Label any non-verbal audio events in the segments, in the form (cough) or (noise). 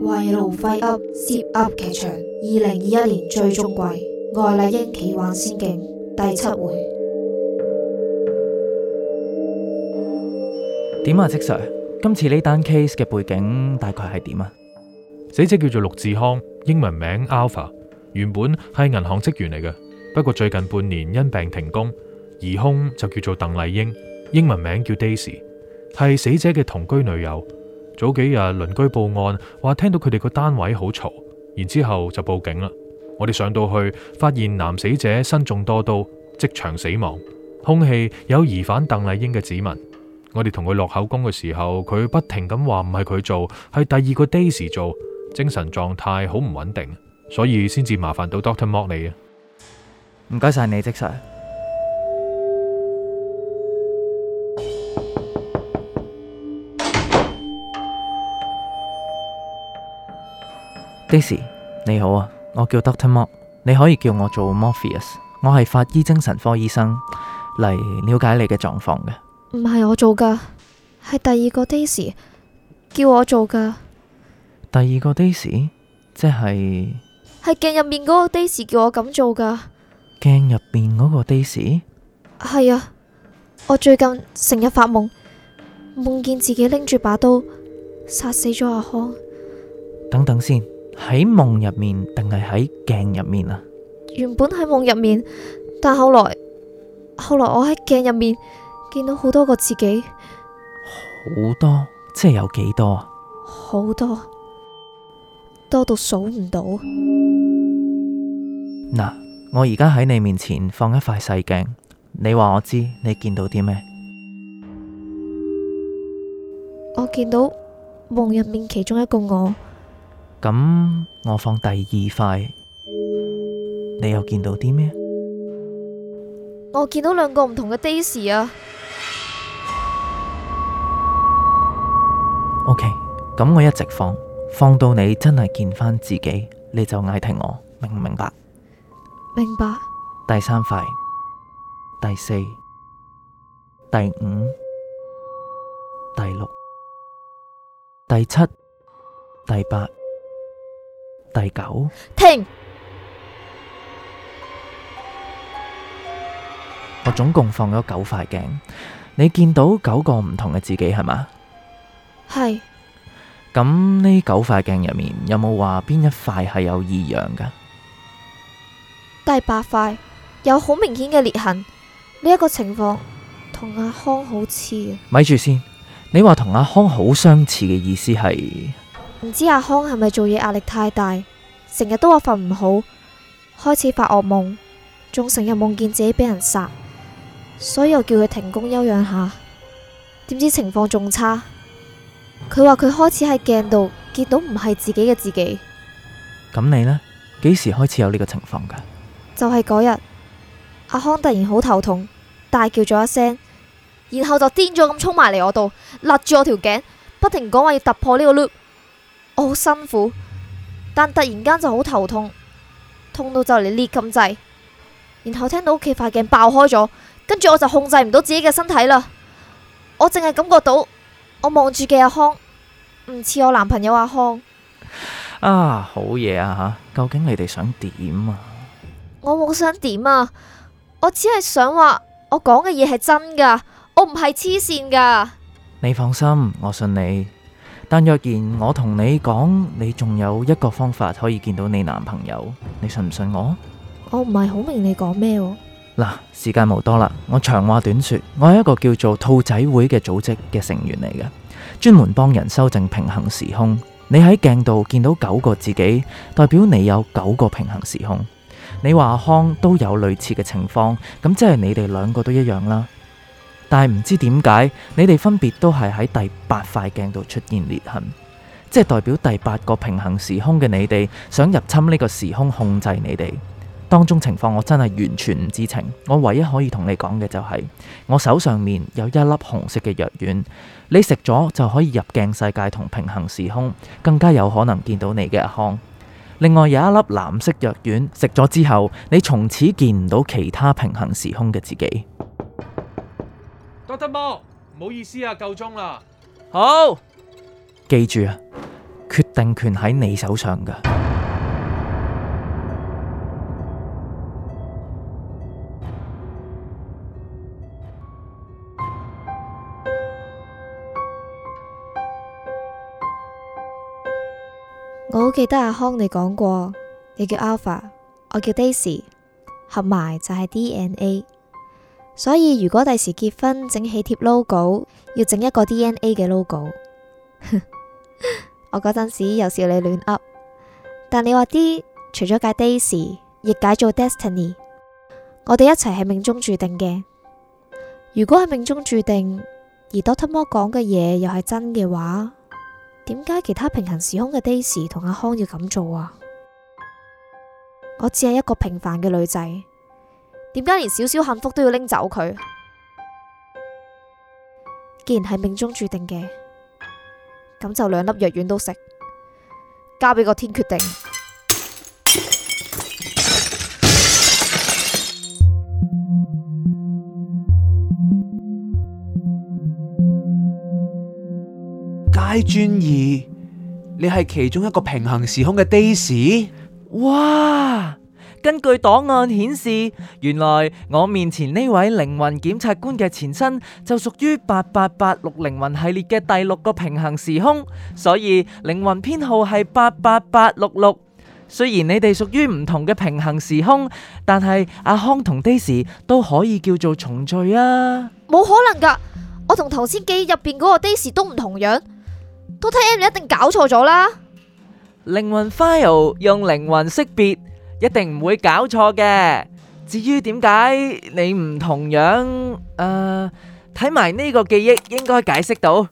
為勞費 Zip 噏劇場二零二一年最終季愛麗英奇幻仙境第七回。點啊即 Sir 今次呢單 case 嘅背景大概係點啊？死者叫做陸志康，英文名 Alpha，原本係銀行職員嚟嘅，不過最近半年因病停工，疑兇就叫做鄧麗英。英文名叫 Daisy，係死者嘅同居女友。早幾日鄰居報案，話聽到佢哋個單位好嘈，然之後就報警啦。我哋上到去，發現男死者身中多刀，即場死亡，兇器有疑犯鄧麗英嘅指紋。我哋同佢落口供嘅時候，佢不停咁話唔係佢做，係第二個 Daisy 做，精神狀態好唔穩定，所以先至麻煩到 Doctor Mori 啊。唔該晒你，即係。Daisy，你好啊，我叫 Doctor Mo，你可以叫我做 Morpheus，我係法醫精神科醫生，嚟了解你嘅狀況嘅。唔係我做噶，係第二個 Daisy 叫我做噶。第二個 Daisy，即係？係鏡入面嗰個 Daisy 叫我咁做噶。鏡入面嗰個 Daisy？係啊，我最近成日發夢，夢見自己拎住把刀殺死咗阿康。等等先。喺夢入面定係喺鏡入面啊？原本喺夢入面，但後來，後來我喺鏡入面見到好多個自己。好多，即係有幾多啊？好多，多到數唔到。嗱，我而家喺你面前放一塊細鏡，你話我知你見到啲咩？我見到夢入面其中一個我。咁我放第二塊，你又見到啲咩？我見到兩個唔同嘅 Daisy 啊。OK，咁我一直放，放到你真係見翻自己，你就嗌停我，明唔明白？明白。第三塊，第四，第五，第六，第七，第八。第九，停。我總共放咗九塊鏡，你見到九個唔同嘅自己係嘛？係。咁呢九塊鏡入面有冇話邊一塊係有異樣噶？第八塊有好明顯嘅裂痕，呢一個情況同阿康好似啊。咪住先，你話同阿康好相似嘅意思係？唔知阿康係咪做嘢壓力太大，成日都話瞓唔好，開始發噩夢，仲成日夢見自己俾人殺，所以我叫佢停工休養下。點知情況仲差，佢話佢開始喺鏡度見到唔係自己嘅自己。咁你呢？幾時開始有呢個情況噶？就係嗰日，阿康突然好頭痛，大叫咗一聲，然後就癲咗咁衝埋嚟我度，勒住我條頸，不停講話要突破呢個 loop。我好辛苦，但突然間就好頭痛，痛到就嚟裂咁滯。然後聽到屋企塊鏡爆開咗，跟住我就控制唔到自己嘅身體啦。我淨係感覺到，我望住嘅阿康唔似我男朋友阿康。啊，好嘢啊吓！究竟你哋想點啊？我冇想點啊！我只係想話，我講嘅嘢係真噶，我唔係黐線噶。你放心，我信你。但若然我同你講，你仲有一個方法可以見到你男朋友，你信唔信我？我唔係好明你講咩？嗱、啊，時間冇多啦，我長話短說，我係一個叫做兔仔會嘅組織嘅成員嚟嘅，專門幫人修正平衡時空。你喺鏡度見到九個自己，代表你有九個平衡時空。你話阿康都有類似嘅情況，咁即係你哋兩個都一樣啦。但係唔知點解，你哋分別都係喺第八塊鏡度出現裂痕，即係代表第八個平行時空嘅你哋想入侵呢個時空控制你哋。當中情況我真係完全唔知情，我唯一可以同你講嘅就係，我手上面有一粒紅色嘅藥丸，你食咗就可以入鏡世界同平行時空，更加有可能見到你嘅阿康。另外有一粒藍色藥丸，食咗之後，你從此見唔到其他平行時空嘅自己。得噃，唔好意思啊，夠鐘啦。好，記住啊，決定權喺你手上噶。我好記得阿康，你講過，你叫 Alpha，我叫 Daisy，合埋就係 DNA。所以如果第時結婚整喜帖 logo，要整一個 DNA 嘅 logo， (laughs) 我嗰陣時又笑你亂噏但你話啲除咗解 Daisy，亦解做 Destiny，我哋一齊係命中注定嘅。如果係命中注定，而 Doctor More 講嘅嘢又係真嘅話，點解其他平行時空嘅 Daisy 同阿康要咁做啊？我只係一個平凡嘅女仔。點解連少少幸福都要拎走佢？既然係命中注定嘅，咁就兩粒藥丸都食，交俾個天決定。佳專二，你係其中一個平行時空嘅 d i c 哇！根據檔案顯示，原來我面前呢位靈魂檢察官嘅前身就屬於八八八六靈魂系列嘅第六個平衡時空，所以靈魂編號係八八八六六。雖然你哋屬於唔同嘅平衡時空，但係阿康同 Dee 時都可以叫做重聚啊！冇可能噶，我同頭先記入邊嗰個 Dee 時都唔同樣都 n t 一定搞錯咗啦。靈魂 file 用靈魂識別。一定唔會搞錯嘅。至於點解你唔同樣，誒，睇埋呢個記憶，應該解釋到？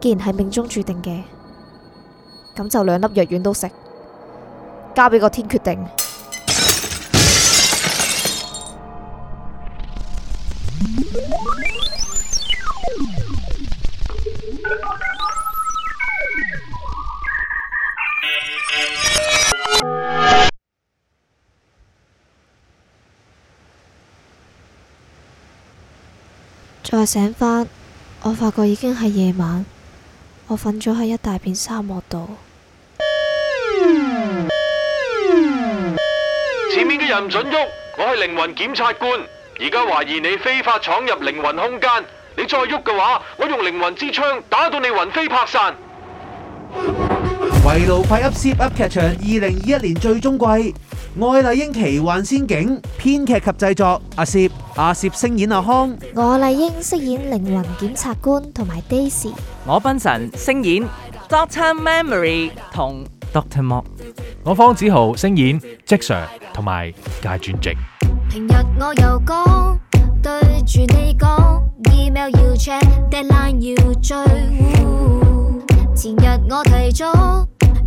既然係命中注定嘅，咁就兩粒藥丸都食，交俾個天決定。再醒返，我發覺已經係夜晚，我瞓咗喺一大片沙漠度。前面嘅人唔准喐！我係靈魂檢察官，而家懷疑你非法闖入靈魂空間，你再喐嘅話，我用靈魂之槍打到你魂飛魄散。《迷路快吸》Zip 噏劇場二零二一年最終季，《愛麗英奇幻仙境》編劇及製作阿 Zip，阿 Zip 聲演阿康，我麗英飾演靈魂檢察官同埋 Daisy，我賓神聲演 Doctor Memory 同 Doctor Mo，我方子豪聲演 Jace 同埋界轉職。平日我又講對住你講，email 要 check，deadline 要追。前日我提早。